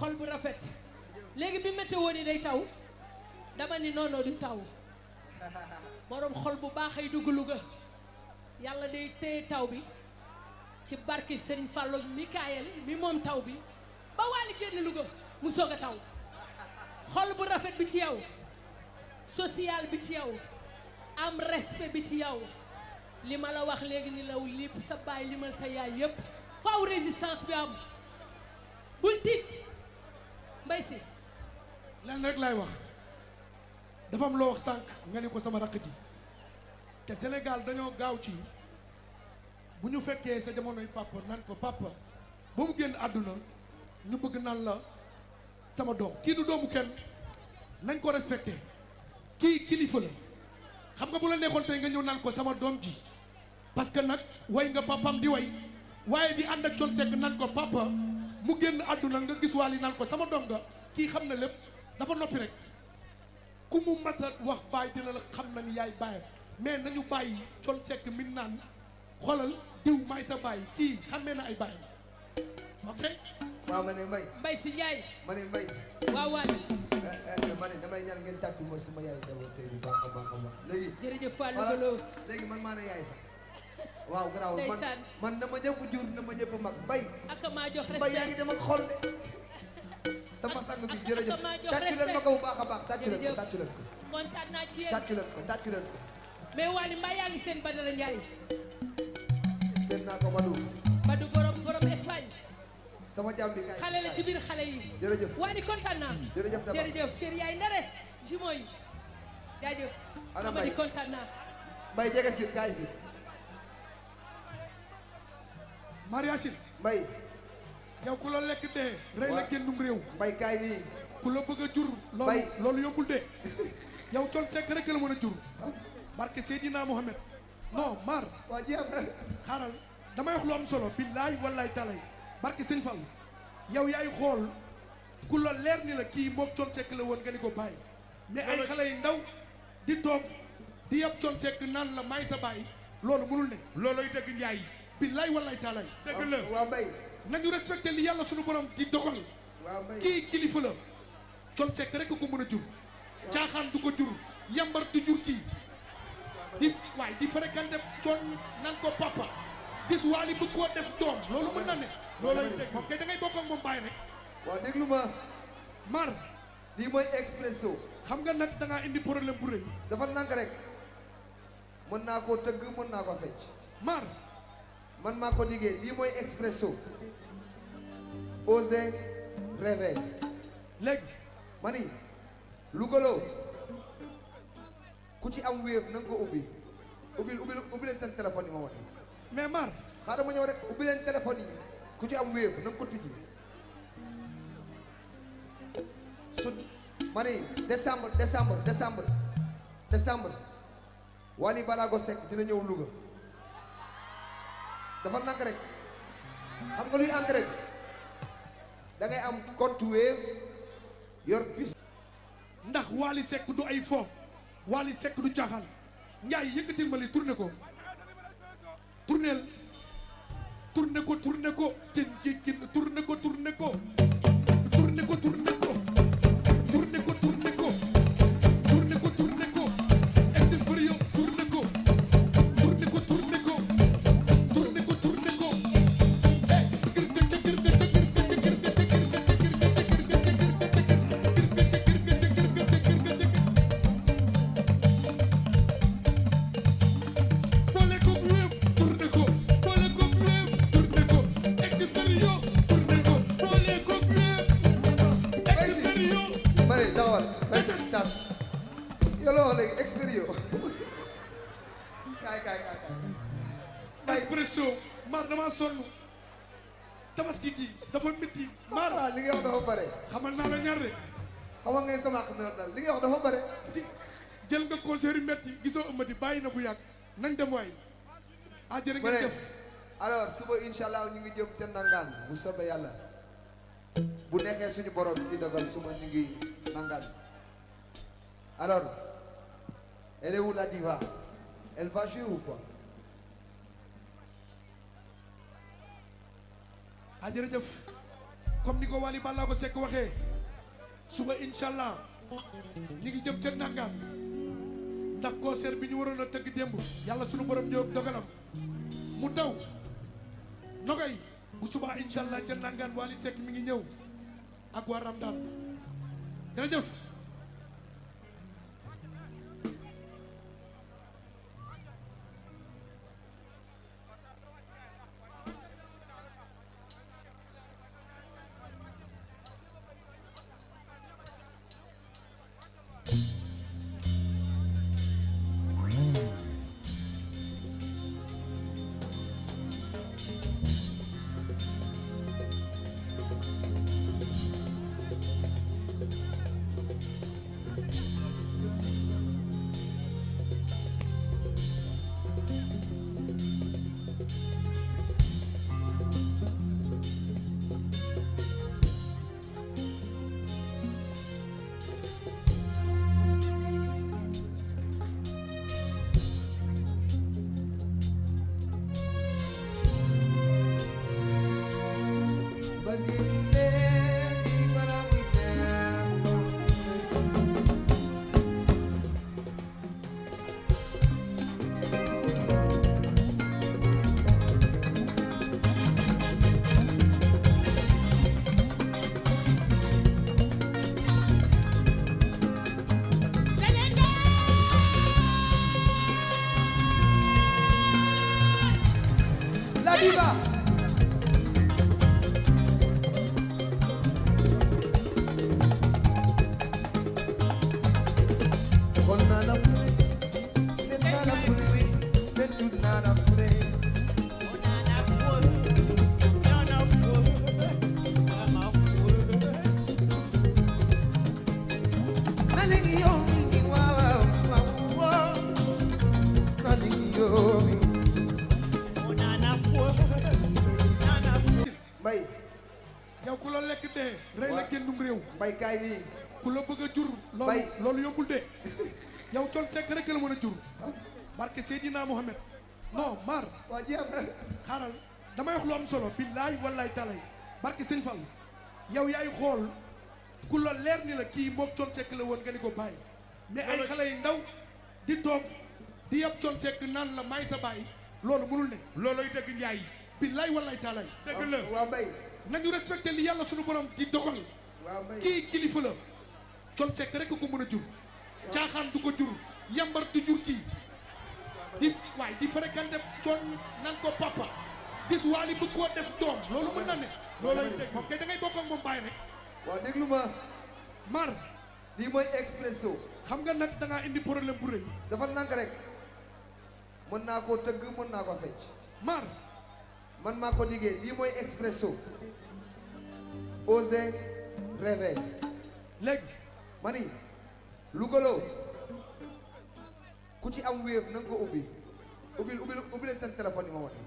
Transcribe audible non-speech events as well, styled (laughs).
xol bu rafet léegi bi météo ni day taw dama ni noonu du taw boroom xol bu baax ay dugg Louga yàlla day téye taw bi ci barke Serigne Fallou Mikaël mi moom taw bi ba waali génn Louga mu soog a taw xol bu rafet bi ci yow social bi ci yow am respect bi ci yow li ma la wax léegi ni law lépp sa baay limal sa yaay yépp faaw résistance bi am bul tiit mbay si lan rek laay wax dafam am loo wax sànq nga ni ko sama rakk ji te Sénégal dañoo gaaw ci bu ñu fekkee sa jamonoy papa nan ko papa ba mu génn àdduna ñu bëgg naan la sama doom kii du doomu kenn nañ ko respecté kii kilifa la xam nga bu la neexoon tey nga ñëw nañ ko sama doom ji parce que nag way nga papam di way waaye bi ànd ak Thione Seck nan ko papa mu génn àdduna nga gis waali naan ko sama doom nga kii xam na lépp dafa noppi rek ku mu mat wax baay dina la xam na ni yaay baayam mais nañu bàyyi con sekk min naan xoolal diw maay sa baay kii xamee na ay baayam ok waaw ma ne mbay mbay si njaay ma ne mbay waaw waali eh, eh, eh, ma ne damay ñaan ngeen tàcc mooy suma yaay dama sëy a léegi jërëjëf Fallou léegi man maa ne yaay sax waaw garaaw man man na ma ñëpp jur na ma ñëpp mag bay ak maa jox respect bay yaa ngi dem xol de sama sang bi jërëjëf tàccu leen a baax tàccu leen ko tàccu leen ko ko tàccu leen ko mais Wally mbaa yaa ngi seen Badara Ndiaye seen naa ko Badou Badou borom borom Espagne sama jàmm bi kaay xale la ci biir xale yi jërëjëf Wally kontaan naa jërëjëf dama jërëjëf chéri yaay ndare ji mooy jaajëf ana Mbaye kontaan naa Mbaye jege si kaay fi Mariasin mbay yow ku la lekk dee rey la génnum réew mbay kaay nii ku la bëgg a jur loolu loolu yombul dee yow Thione Seck la mën a jur barke Seydina Mohamed non maar waa jeex na xaaral damay wax lu am solo billaay wallaay talay barke Sëñ Fall yow yaay xool ku la leer ni la kii mook Thione Seck la woon nga ni ko bàyyi mais ay xale yu ndaw di toog di yab Thione Seck naan la maay sa bàyyi loolu mënul ne looloy dëgg njaay billaay wallaay taalaay. dëgg la waaw bay nañu respecté li yàlla suñu borom di doxal. waaw bay kii kilifa la. Thione Seck rek ko mën a jur. caaxaan du ko jur yambar du jur kii. di waay di fréquenté Thione nan ko papa. gis waali bëgg koo def doom loolu mën na ne. loolay dëgg moom kay da rek. waaw déglu ma. Mar. lii mooy expresso. xam nga nag da ngaa indi problème bu rëy. dafa nank rek. mën naa ko tëgg mën naa ko fecc. Mar. man maa ko liggéey lii mooy expresso osé réveil léegi ma ni lugaloo ku ci am wéef na ko ubbi ubbil ubbil seen téléphone yi ma wan mais mar xaaral ma ñëw rek ubbi leen téléphone yi ku ci am wéef na ko tijji su ma ni décembre décembre décembre décembre Wally Balago dina ñëw Louga dafa nànk rek xam nga luy engrais da ngay am compte wave yor bis ndax Wally Seck du ay fo Wally Seck du caaxaan Ndiaye yëkkatil ma li tourné ko tourné tourné ko tourné ko jën jën tourné émission maar damaa sonn tabaski dafa métti. maar li nga dafa bare. xamal naa la ñaar de. xamal ngay sama li nga wax dafa bare. jël nga conseil yu na bu yàgg nañ dem waay. ah jërë ngeen suba incha ñu ngi jëm te nangaan bu soobee yàlla bu nekkee suñu borom di dogal suba ñu ngi nangaan alors elle est où la diva ah jërëjëf comme ni ko Wally Ballago Seck waxee suba incha allah ñi ngi jëm ca nangaan ndax concert bi ñu waroon a tëgg démb yàlla sunu borom ñëw dogalam mu taw nogay bu suba incha allah ca nangaan Wally Seck mi ngi ñëw ak waa Ramdaan jërëjëf vida. lekk dee. rey la génnum ku la bëgg a jur. loolu loolu yombul de. (laughs) yow Thione Seck rek la mën a jur. barke Seydina Mohamed. non Mar. waa jeex na. xaaral damay wax lu am solo. billaay wallaay talay. barke Sëñ Fall. yow yaay xool ku la leer ni la kii moom Thione Seck la woon nga ni ko bàyyi. mais ay xale yu ndaw di toog di yab Thione Seck naan la may sa bàyyi. loolu mënul ne. looloy dëgg Ndiaye. billaay wallaay taalaay. dëgg la waaw bay nañu respecté li yàlla suñu borom di doxal. waaw bay kii kilifa la. Thione Seck rek ko mën a jur. caaxaan du ko jur yambar du jur kii. di waay di fréquenté Thione nan ko papa. gis waali bëgg koo def doom loolu mën na ne. loolu moom kay da ngay bokk ak moom bàyyi rek. waaw déglu ma. Mar. lii mooy expresso. xam nga nag da ngaa indi problème bu rëy. dafa nank rek. mën naa ko tëgg mën naa ko fecc. Mar. man maa ko liggéey lii mooy expresso osé réveil léegi ma ni lugaloo ku ci am wéef na ko ubbi ubbil ubbil ubbil seen téléphone yi ma wan